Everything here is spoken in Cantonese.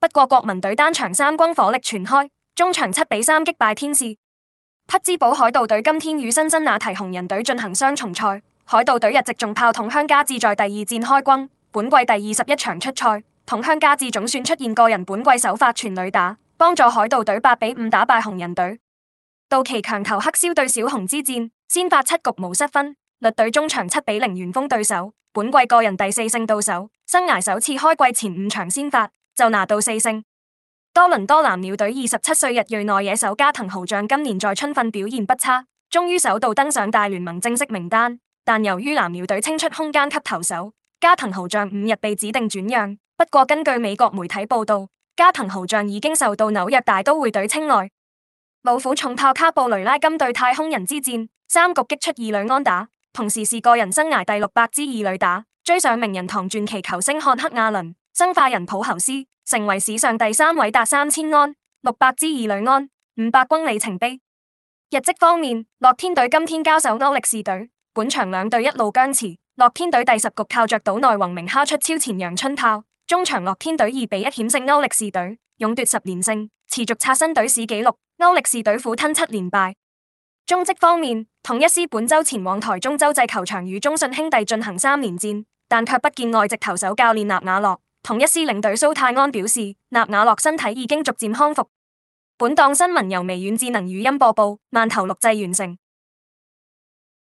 不過國，國民隊單場三轟火力全開，中場七比三擊敗天使。匹茲堡海盜隊今天與辛辛那提紅人隊進行雙重賽，海盜隊日籍重炮筒香嘉智在第二戰開轟，本季第二十一場出賽，筒香嘉智總算出現個人本季首發全壘打，幫助海盜隊八比五打敗紅人隊。道奇強投黑燒對小熊之戰，先發七局無失分，率隊中場七比零完封對手，本季個人第四勝到手，生涯首次開季前五場先發就拿到四勝。多倫多藍鳥隊二十七歲日裔內野手加藤豪將今年在春訓表現不差，終於首度登上大聯盟正式名單。但由於藍鳥隊清出空間級投手，加藤豪將五日被指定轉讓。不過根據美國媒體報道，加藤豪將已經受到紐約大都會隊青睞。老虎重炮卡布雷拉今對太空人之戰三局擊出二壘安打，同時是個人生涯第六百支二壘打，追上名人堂傳奇球星漢克阿倫。生化人普侯斯成為史上第三位達三千安六百支二壘安五百轟里程碑。日職方面，樂天隊今天交手歐力士隊，本場兩隊一路僵持，樂天隊第十局靠着島，島內宏明敲出超前陽春炮，中場樂天隊二比一險勝歐力士隊，勇奪十連勝，持續刷新隊史紀錄。歐力士隊苦吞七連敗。中職方面，統一獅本周前往台中洲際球場與中信兄弟進行三連戰，但卻不見外籍投手教練納瓦洛。同一獅領隊蘇泰安表示，納瓦洛身體已經逐漸康復。本檔新聞由微軟智能語音播報，慢頭錄製完成。